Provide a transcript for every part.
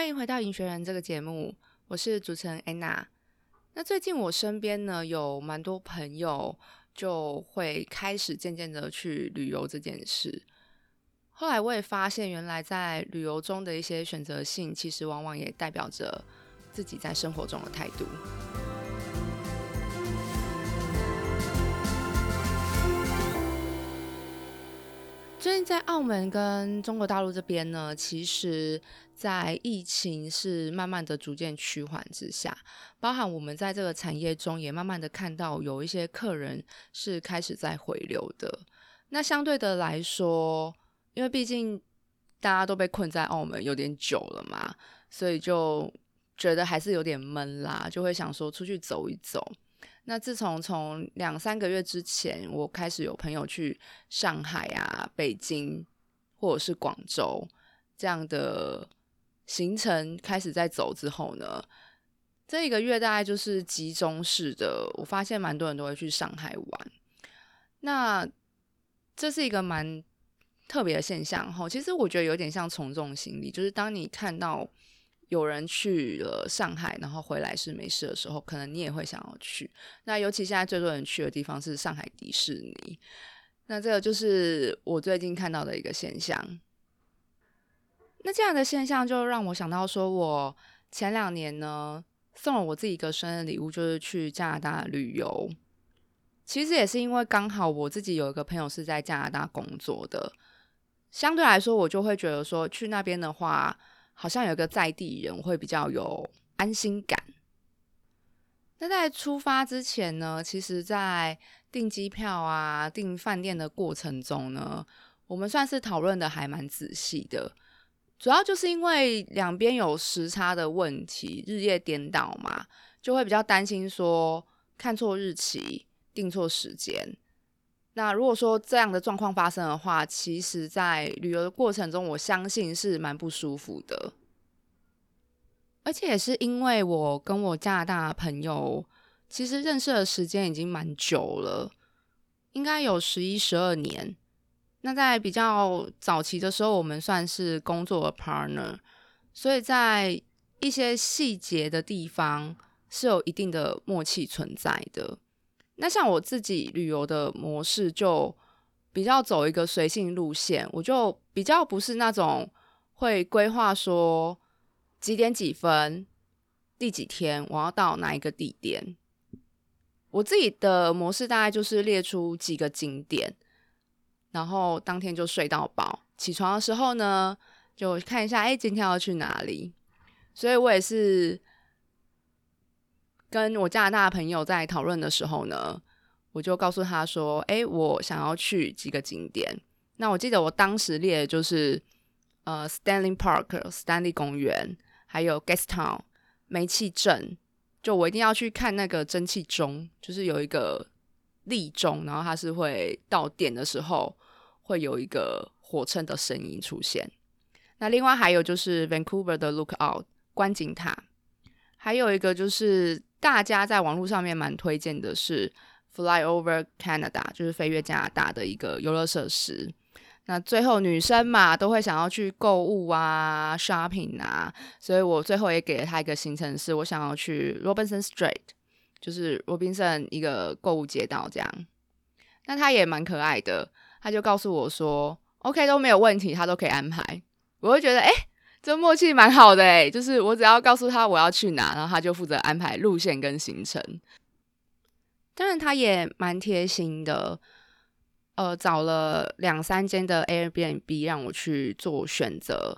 歡迎回到《癮學人》這個節目，我是主持人 Anna。那最近我身邊呢，有蠻多朋友就會開始漸漸的去旅遊這件事，後來我也發現，原來在旅遊中的一些選擇性，其實往往也代表着自己在生活中的態度。最近在澳門跟中國大陸這邊呢，其實，在疫情是慢慢的逐漸趨緩之下，包含我們在這個產業中也慢慢的看到有一些客人是開始在回流的。那相對的來說，因為畢竟大家都被困在澳門有點久了嘛，所以就覺得還是有點悶啦，就會想說出去走一走。那自從從兩三個月之前，我開始有朋友去上海啊、北京或者是廣州這樣的行程開始在走之後呢，這一個月大概就是集中式的，我發現蠻多人都會去上海玩。那這是一個蠻特別的現象，後其實我覺得有點像從眾心理，就是當你看到。有人去了上海，然後回來是沒事的時候，可能你也會想要去。那尤其現在最多人去的地方是上海迪士尼，那這個就是我最近看到的一個現象。那這樣的現象就讓我想到，說我前兩年呢，送了我自己一個生日禮物，就是去加拿大旅遊。其實也是因為剛好我自己有一個朋友是在加拿大工作的，相對來說我就會覺得說去那邊的話。好像有個在地人會比較有安心感。那在出發之前呢，其實，在訂機票啊、訂飯店的過程中呢，我們算是討論的還蠻仔細的。主要就是因為兩邊有時差的問題，日夜顛倒嘛，就會比較擔心說看錯日期、訂錯時間。那如果說這樣的狀況發生的話，其實，在旅遊的過程中，我相信是蠻不舒服的。而且也是因為我跟我加拿大的朋友，其實認識的時間已經蠻久了，應該有十一十二年。那在比較早期的時候，我們算是工作 partner，所以在一些細節的地方是有一定的默契存在的。那像我自己旅遊的模式就比較走一個隨性路線，我就比較不是那種會規劃說幾點幾分，第幾天我要到哪一個地點。我自己的模式大概就是列出幾個景點，然後當天就睡到飽，起床的時候呢就看一下，哎、欸，今天要去哪裡？所以我也是。跟我加拿大的朋友在討論的時候呢，我就告訴他說：“誒，我想要去幾個景點。那我記得我當時列的就是呃 Stanley Park、Stanley 公園，還有 Gastown 煤氣鎮。就我一定要去看那個蒸汽鐘，就是有一個立鐘，然後它是會到點的時候會有一個火車的聲音出現。那另外還有就是 Vancouver 的 Lookout 觀景塔，還有一個就是。”大家在網絡上面蠻推薦的是 Fly Over Canada，就是飛越加拿大的一個遊樂設施。那最後女生嘛都會想要去購物啊，shopping 啊，所以我最後也給了她一個行程，是我想要去 Robinson Street，就是 Robinson 一個購物街道這樣。那她也蠻可愛的，她就告訴我說：“OK，都沒有問題，她都可以安排。”我會覺得，誒、欸。這默契蠻好的哎、欸，就是我只要告訴他我要去哪，然後他就負責安排路線跟行程。當然，他也蠻貼心的，呃，找了兩三間的 Airbnb 讓我去做選擇。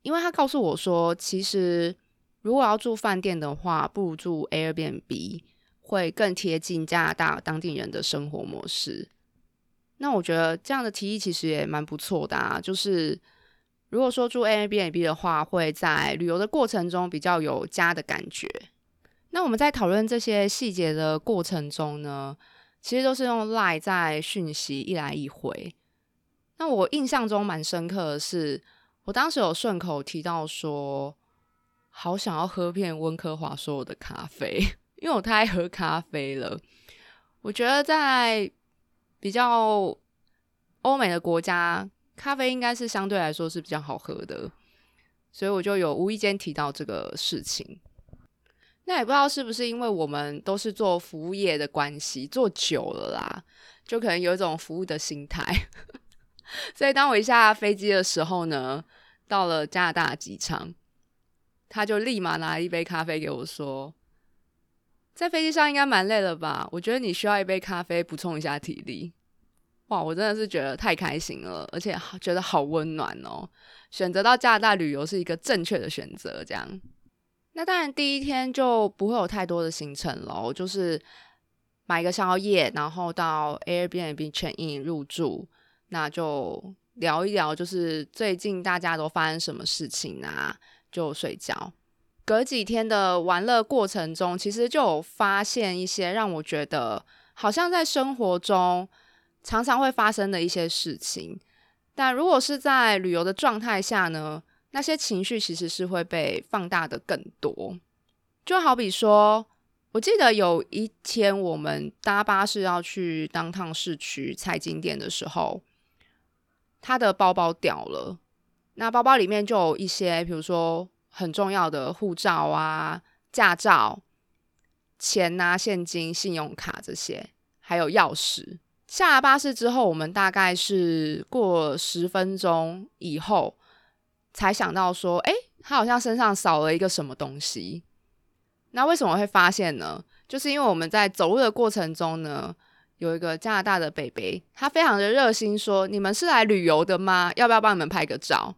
因為他告訴我說，其實如果要住飯店的話，不如住 Airbnb 會更貼近加拿大當地人的生活模式。那我覺得這樣的提議其實也蠻不錯的啊，就是。如果說住 A A B A B 的話，會在旅遊的過程中比較有家的感覺。那我們在討論這些細節的過程中呢，其實都是用 LINE 在訊息一來一回。那我印象中蠻深刻的是，我當時有順口提到說，好想要喝遍溫哥華所有的咖啡，因為我太愛喝咖啡了。我覺得在比較歐美的國家，咖啡應該是相對來說是比較好喝的，所以我就有無意間提到這個事情。那也不知道是不是因為我們都是做服務業的關係，做久了啦，就可能有一種服務的心態。 所以當我一下飛機的時候呢，到了加拿大機場，他就立馬拿一杯咖啡給我，說：“在飛機上應該蠻累了吧？我覺得你需要一杯咖啡補充一下體力。”哇，我真的是覺得太開心了，而且好覺得好溫暖哦！選擇到加拿大旅遊是一個正確的選擇，這樣。那當然第一天就不會有太多的行程咯，就是買一個宵夜，然後到 Airbnb check in 入住，那就聊一聊，就是最近大家都發生什麼事情啊？就睡覺。隔幾天的玩樂過程中，其實就有發現一些讓我覺得好像在生活中。常常會發生的一些事情，但如果是在旅遊的狀態下呢？那些情緒其實是會被放大的更多。就好比說，我記得有一天我們搭巴士要去當趟 ow 市區踩景點的時候，他的包包掉了。那包包裡面就有一些，比如說很重要的護照啊、駕照、錢吶、啊、現金、信用卡這些，還有鑰匙。下了巴士之後，我們大概是過十分鐘以後才想到說：“誒、欸，他好像身上少了一個什麼東西。”那為什麼會發現呢？就是因為我們在走路的過程中呢，有一個加拿大的北北，他非常的熱心，說：“你們是來旅遊的嗎？要不要幫你們拍個照？”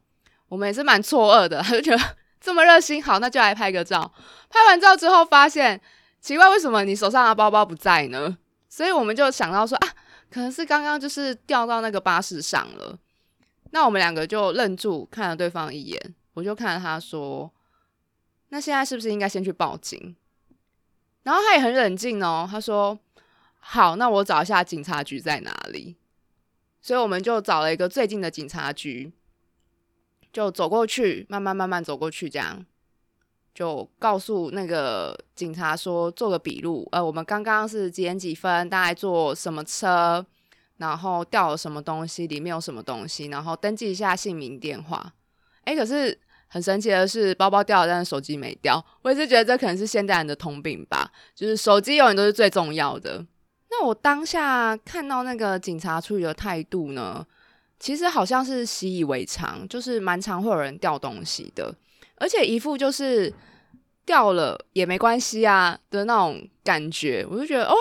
我們也是蠻錯愕的，他就覺得這麼熱心，好，那就來拍個照。拍完照之後，發現奇怪，為什麼你手上的包包不在呢？所以我們就想到說：“啊。”可能是剛剛就是掉到那個巴士上了，那我們兩個就愣住，看了對方一眼。我就看著他說：“那現在是不是應該先去報警？”然後他也很冷靜哦，他說：“好，那我找一下警察局在哪裡。”所以我們就找了一個最近的警察局，就走過去，慢慢慢慢走過去，這樣。就告訴那個警察說做個筆錄，呃，我們剛剛是幾點幾分，大概坐什麼車，然後掉了什麼東西，裡面有什麼東西，然後登記一下姓名電話。誒、欸，可是很神奇的是，包包掉了，但是手機沒掉。我也是覺得這可能是現代人的通病吧，就是手機永遠都是最重要的。那我當下看到那個警察處理的態度呢，其實好像是習以為常，就是蠻常會有人掉東西的。而且一副就是掉了也沒關係啊的那種感覺，我就覺得哦，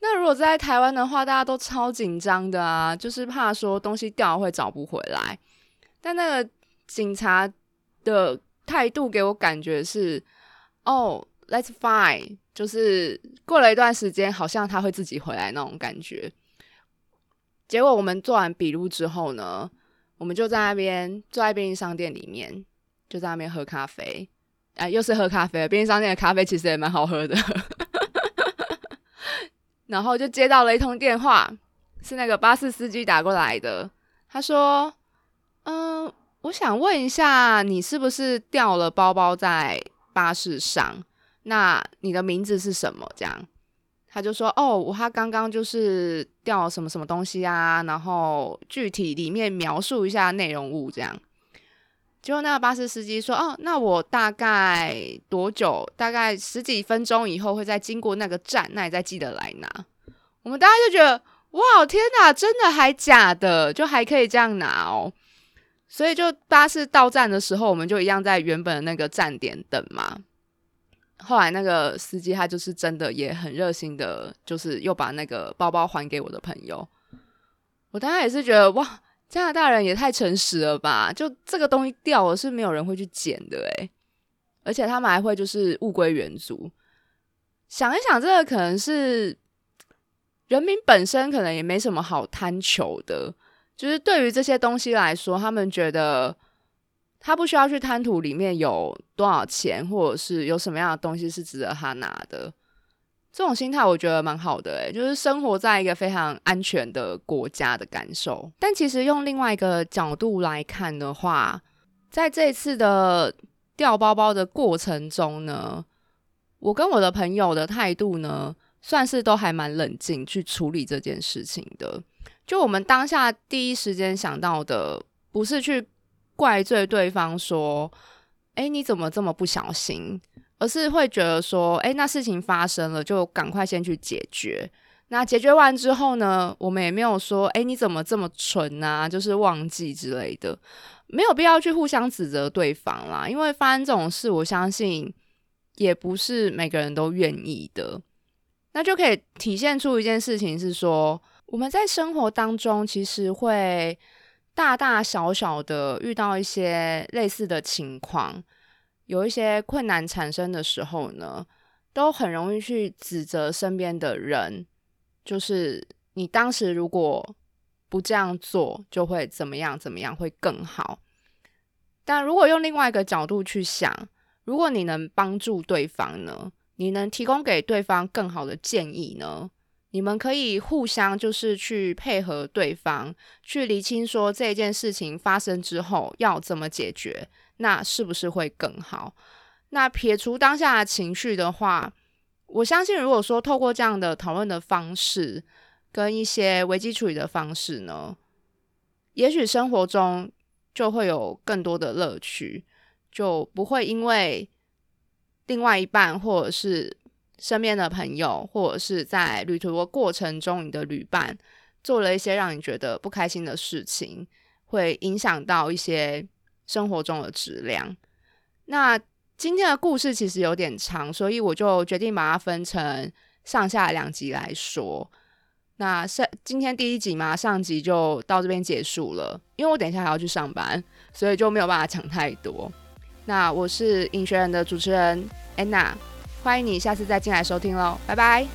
那如果在台灣的話，大家都超緊張的啊，就是怕說東西掉了會找不回來。但那個警察的態度給我感覺是，哦，that's fine，就是過了一段時間，好像他會自己回來那種感覺。結果我們做完筆錄之後呢，我們就在那邊坐在便利商店裡面。就在那邊喝咖啡，哎，又是喝咖啡。便利商店的咖啡其實也蠻好喝的。 然後就接到了一通電話，是那個巴士司機打過來的。他說：“嗯，我想問一下，你是不是掉了包包在巴士上？那你的名字是什麼？這樣。”他就說：“哦，我他剛剛就是掉什麼什麼東西啊，然後具體裡面描述一下內容物這樣。”結果那個巴士司機說：“哦，那我大概多久？大概十幾分鐘以後會再經過那個站，那你再記得來拿。”我們大家就覺得：“哇，天哪，真的還假的？就還可以這樣拿哦！”所以就巴士到站的時候，我們就一樣在原本的那個站點等嘛。後來那個司機他就是真的也很熱心的，就是又把那個包包還給我的朋友。我大家也是覺得：“哇！”加拿大人也太誠實了吧！就這個東西掉了，是沒有人會去撿的誒，而且他們還會就是物歸原主。想一想，這個可能是人民本身可能也沒什麼好貪求的，就是對於這些東西來說，他們覺得他不需要去貪圖裡面有多少錢，或者是有什麼樣的東西是值得他拿的。這種心態我覺得蠻好的，欸，誒就是生活在一個非常安全的國家的感受。但其實用另外一個角度來看的話，在這次的掉包包的過程中呢，我跟我的朋友的態度呢，算是都還蠻冷靜去處理這件事情的。就我們當下第一時間想到的，不是去怪罪對方說：“哎，欸，你怎麼這麼不小心？”而是會覺得說，誒，那事情發生了，就趕快先去解決。那解決完之後呢，我們也沒有說，誒，你怎麼這麼蠢啊？就是忘記之類的，沒有必要去互相指責對方啦。因為發生這種事，我相信也不是每個人都願意的。那就可以體現出一件事情是說，我們在生活當中其實會大大小小的遇到一些類似的情況。有一些困難產生的時候呢，都很容易去指責身邊的人，就是你當時如果不這樣做，就會怎麼樣怎麼樣會更好。但如果用另外一個角度去想，如果你能幫助對方呢？你能提供給對方更好的建議呢？你們可以互相就是去配合對方，去釐清說這件事情發生之後要怎麼解決。那是不是會更好？那撇除當下的情緒的話，我相信，如果說透過這樣的討論的方式，跟一些危機處理的方式呢，也許生活中就會有更多的樂趣，就不會因為另外一半，或者是身邊的朋友，或者是在旅途的過程中你的旅伴做了一些讓你覺得不開心的事情，會影響到一些生活中的質量。那今天的故事其實有點長，所以我就決定把它分成上下兩集來說。那上今天第一集嘛，上集就到這邊結束了。因為我等一下還要去上班，所以就沒有辦法講太多。那我是癮學人的主持人安娜，Anna, 歡迎你下次再進來收聽嘍，拜拜。